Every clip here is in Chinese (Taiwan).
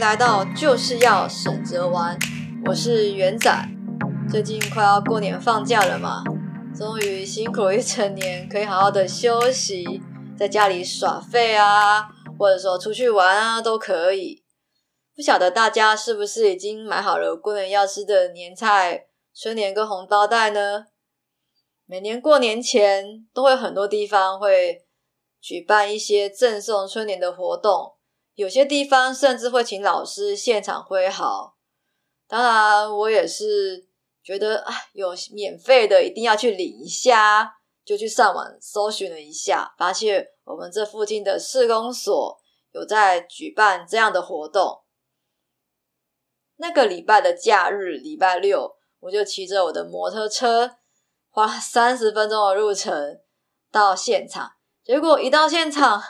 來到就是要省着玩，我是元仔。最近快要過年放假了嘛，終於辛苦一整年可以好好的休息，在家裡耍廢啊，或者說出去玩啊都可以。不曉得大家是不是已經買好了過年要吃的年菜、春聯跟紅包袋呢？每年過年前都會很多地方會舉辦一些贈送春聯的活動。有些地方甚至會請老師現場揮毫，當然我也是覺得唉，有免費的一定要去領一下，就去上網搜尋了一下，發現我們這附近的市公所有在舉辦這樣的活動。那個禮拜的假日，禮拜六，我就騎着我的摩托車，花三十分鐘的路程到現場。結果一到現場，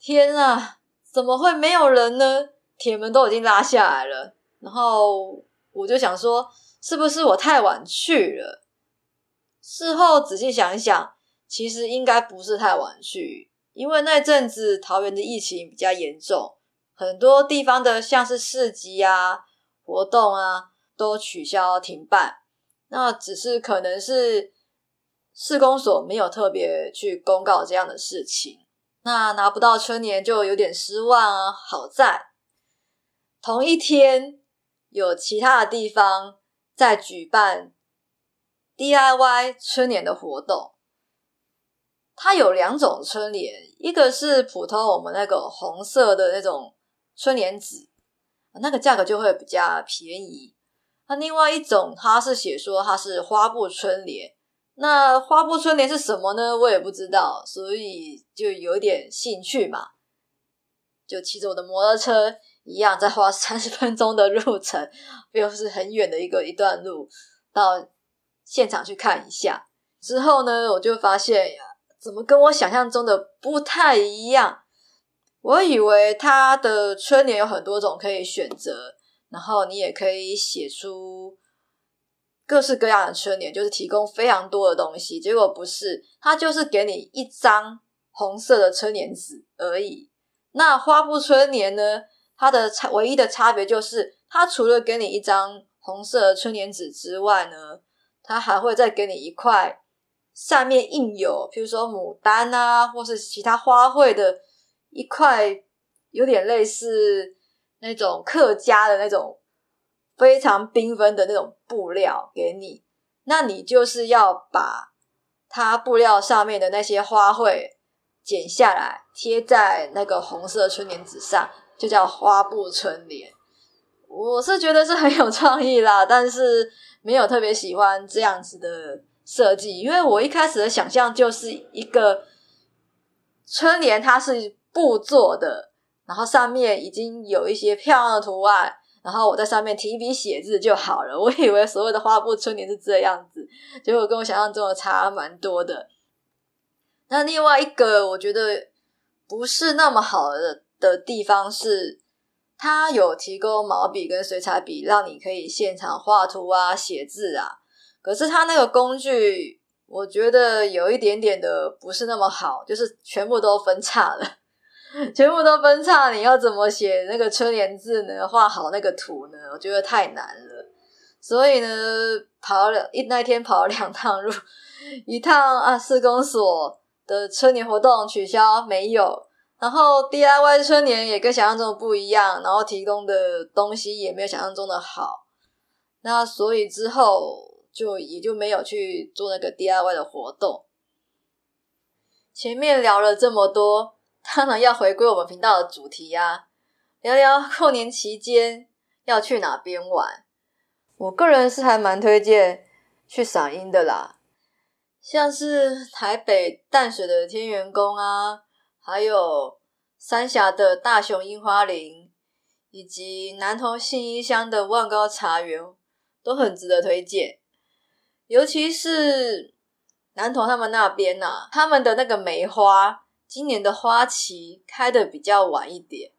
天啊！怎麼會沒有人呢？鐵門都已經拉下來了，然後我就想說，是不是我太晚去了？事後仔細想一想，其實應該不是太晚去，因為那陣子桃園的疫情比較嚴重，很多地方的像是市集啊、活動啊都取消停辦，那只是可能是市公所沒有特別去公告這樣的事情。那拿不到春聯就有點失望啊！好在同一天有其他的地方在舉辦 DIY 春聯的活動。它有兩種春聯，一個是普通我們那個紅色的那種春聯紙，那個價格就會比較便宜。那另外一種，它是寫說它是花布春聯。那花布春聯是什麼呢？我也不知道，所以就有點興趣嘛，就騎着我的摩托車一樣，在花三十分鐘的路程，又是很遠的一個一段路，到現場去看一下。之後呢，我就發現呀，怎麼跟我想象中的不太一樣。我以為他的春聯有很多種可以選擇，然後你也可以寫出。各式各樣的春聯，就是提供非常多的東西，結果不是，它就是給你一張紅色的春聯紙而已。那花布春聯呢，它的差，唯一的差別就是，它除了給你一張紅色的春聯紙之外呢，它還會再給你一塊，上面印有，譬如說牡丹啊，或是其他花卉的一塊，有點類似那種客家的那種。非常繽紛的那種布料給你，那你就是要把它布料上面的那些花卉剪下來，貼在那個紅色春聯紙上，就叫花布春聯。我是覺得是很有創意啦，但是沒有特別喜歡這樣子的設計，因為我一開始的想象就是一個春聯，它是布做的，然後上面已經有一些漂亮的圖案。然後我在上面提筆寫字就好了，我以為所謂的花布春聯是這樣子，結果跟我想象中的差蠻多的。那另外一個我覺得不是那麼好的的地方是，它有提供毛筆跟水彩筆，讓你可以現場畫圖啊、寫字啊。可是它那個工具，我覺得有一點點的不是那麼好，就是全部都分叉了。全部都分叉，你要怎麼寫那個春聯字呢？畫好那個圖呢？我覺得太難了。所以呢，跑了一那天跑了兩趟路，一趟啊，區公所的春聯活動取消沒有，然後 DIY 春聯也跟想象中的不一樣，然後提供的東西也沒有想象中的好。那所以之後就也就沒有去做那個 DIY 的活動。前面聊了這麼多。當然要回歸我們頻道的主題呀、啊，聊聊過年期間要去哪邊玩。我個人是還蠻推薦去賞櫻的啦，像是台北淡水的天元宮啊，還有三峽的大熊櫻花林，以及南投信義鄉的萬高茶園，都很值得推薦。尤其是南投他們那邊吶、啊，他們的那個梅花。今年的花期開的比較晚一點，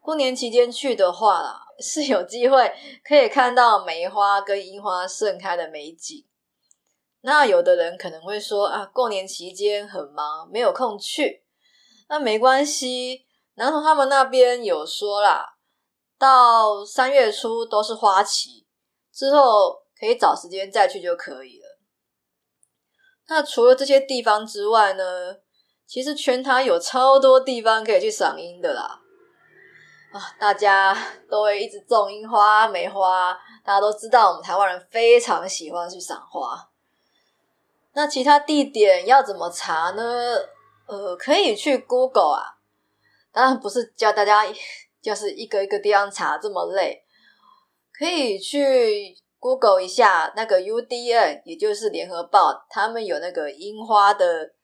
過年期間去的話啦，是有機會可以看到梅花跟櫻花盛開的美景。那有的人可能會說啊，過年期間很忙，沒有空去。那沒關係，南投他們那邊有說啦，到三月初都是花期，之後可以找時間再去就可以了。那除了這些地方之外呢？其實全台有超多地方可以去賞櫻的啦，啊，大家都會一直種櫻花、梅花，大家都知道我們台灣人非常喜歡去賞花。那其他地點要怎麼查呢？呃，可以去 Google 啊，當然不是叫大家就是一個一個地方查這麼累，可以去 Google 一下那個 UDN，也就是聯合報，他們有那個櫻花的。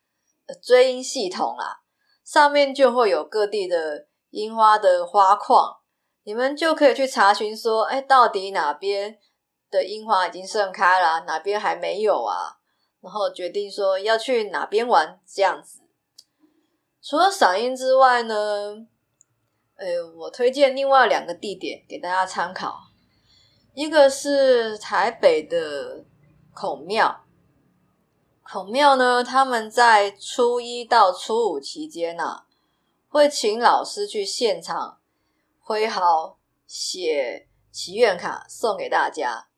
追櫻系統啦，啊，上面就會有各地的櫻花的花況，你們就可以去查詢說，哎、欸，到底哪邊的櫻花已經盛開了，啊，哪邊還沒有啊？然後決定說要去哪邊玩這樣子。除了賞櫻之外呢，呃、欸，我推薦另外兩個地點給大家參考，一個是台北的孔廟。孔廟呢，他們在初一到初五期間啊，會請老師去現場揮毫寫祈願卡送給大家。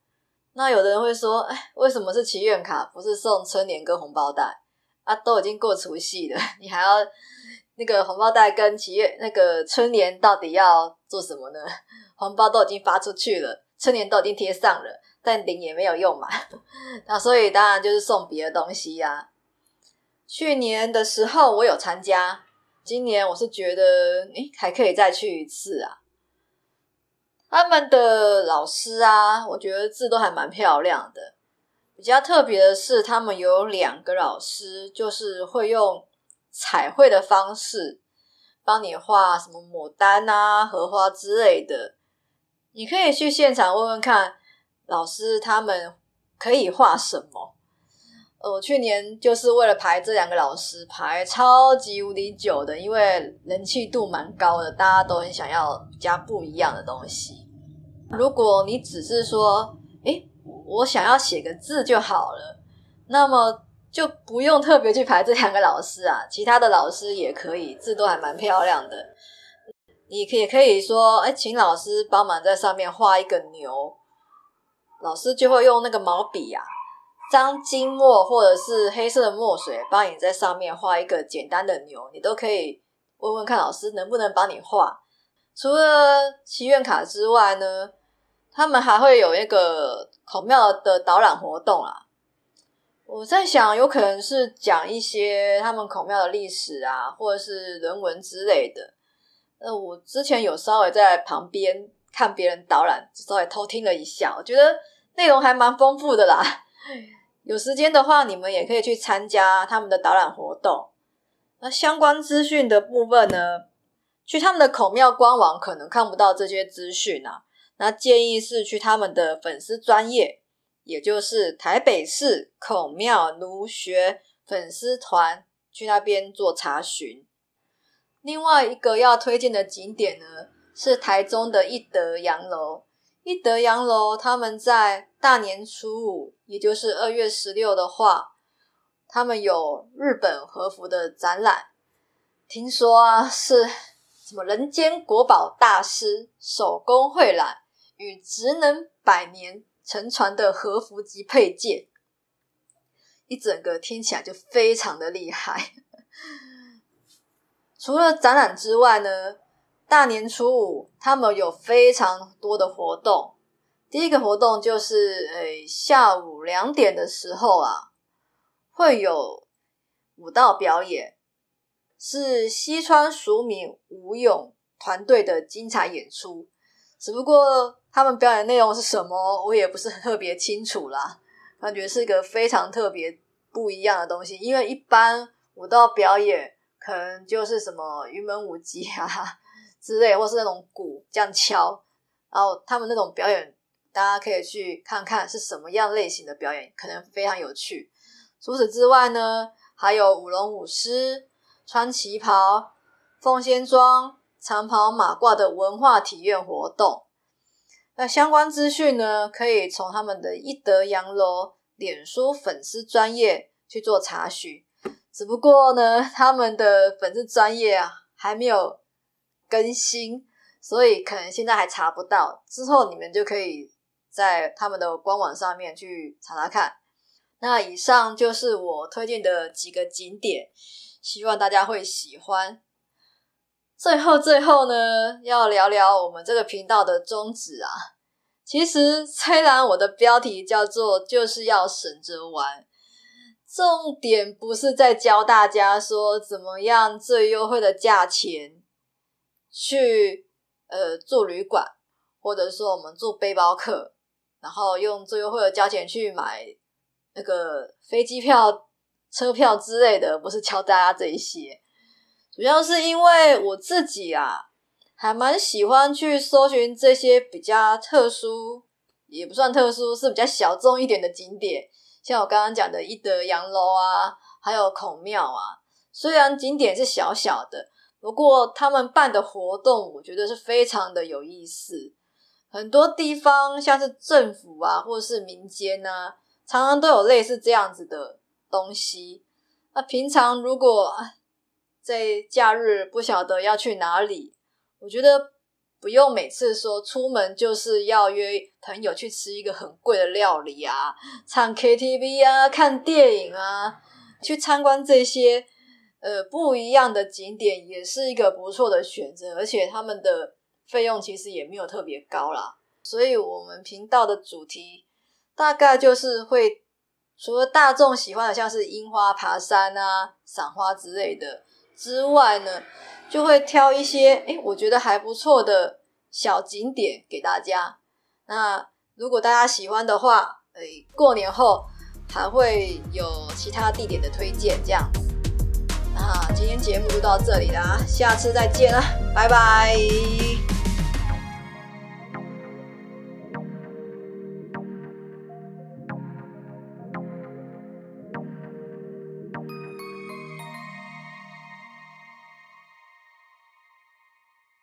那有的人會說：“哎，為什麼是祈願卡，不是送春聯跟紅包袋啊？都已經過除夕了，你還要那個紅包袋跟祈願那個春聯，到底要做什麼呢？紅包都已經發出去了，春聯都已經貼上了。”淡定也沒有用嘛， 那所以當然就是送別的東西呀、啊。去年的時候我有參加，今年我是覺得哎、欸、還可以再去一次啊。他們的老師啊，我覺得字都還蠻漂亮的。比較特別的是，他們有兩個老師，就是會用彩繪的方式幫你畫什麼牡丹啊、荷花之類的。你可以去現場問問看。老師他們可以畫什麼？我、呃、去年就是為了排這兩個老師排超級無敵久的，因為人氣度蠻高的，大家都很想要加不一樣的東西。如果你只是說，誒、欸、我想要寫個字就好了，那麼就不用特別去排這兩個老師啊，其他的老師也可以，字都還蠻漂亮的。你可以可以說，誒、欸、請老師幫忙在上面畫一個牛。老師就會用那個毛筆呀、啊，沾金墨或者是黑色的墨水，幫你在上面畫一個簡單的牛，你都可以問問看老師能不能幫你畫。除了祈願卡之外呢，他們還會有一個孔廟的導覽活動啊。我在想，有可能是講一些他們孔廟的歷史啊，或者是人文之類的。呃，我之前有稍微在旁邊。看別人導覽，稍微偷聽了一下，我覺得內容還蠻豐富的啦。有時間的話，你們也可以去參加他們的導覽活動。那相關資訊的部分呢？去他們的孔廟官網可能看不到這些資訊啊。那建議是去他們的粉絲專頁，也就是台北市孔廟儒學粉絲團，去那邊做查詢。另外一個要推薦的景點呢？是台中的一德洋樓，一德洋樓他們在大年初五，也就是二月十六的話，他們有日本和服的展覽。聽說啊，是什麼人間國寶大師手工繪覽與職能百年承傳的和服及配件，一整個聽起來就非常的厲害。除了展覽之外呢？大年初五，他們有非常多的活動。第一個活動就是，誒、欸、下午兩點的時候啊，會有舞蹈表演，是西川署民舞踊團隊的精彩演出。只不過他們表演內容是什麼，我也不是特別清楚啦。感覺是一個非常特別不一樣的東西，因為一般舞蹈表演可能就是什麼雲門舞集啊。之類，或是那種鼓這樣敲，然後他們那種表演，大家可以去看看是什麼樣類型的表演，可能非常有趣。除此之外呢，還有舞龍舞獅、穿旗袍、鳳仙裝、長袍馬褂的文化體驗活動。那相關資訊呢，可以從他們的“一德洋樓”臉書粉絲專頁去做查詢。只不過呢，他們的粉絲專頁啊，還沒有。更新，所以可能現在還查不到，之後你們就可以在他們的官網上面去查查看。那以上就是我推薦的幾個景點，希望大家會喜歡。最後，最後呢，要聊聊我們這個頻道的宗旨啊。其實，雖然我的標題叫做“就是要省着玩”，重點不是在教大家說怎麼樣最優惠的價錢。去呃住旅館，或者說我們做背包客，然後用最優惠的價錢去買那個飛機票、車票之類的，不是敲大家這一些。主要是因為我自己啊，還蠻喜歡去搜尋這些比較特殊，也不算特殊，是比較小眾一點的景點，像我剛剛講的一德洋樓啊，還有孔廟啊，雖然景點是小小的。不過他們辦的活動，我覺得是非常的有意思。很多地方，像是政府啊，或是民間啊，常常都有類似這樣子的東西。那平常如果在假日不曉得要去哪裡，我覺得不用每次說出門就是要約朋友去吃一個很貴的料理啊、唱 KTV 啊、看電影啊、去參觀這些。呃，不一樣的景點也是一個不錯的選擇，而且他們的費用其實也沒有特別高啦。所以，我們頻道的主題大概就是會除了大眾喜歡的，像是櫻花、爬山啊、賞花之類的之外呢，就會挑一些，欸，我覺得還不錯的小景點給大家。那如果大家喜歡的話，欸，過年後還會有其他地點的推薦，這樣子。好、啊，今天節目就到這裡了，下次再見了，拜拜。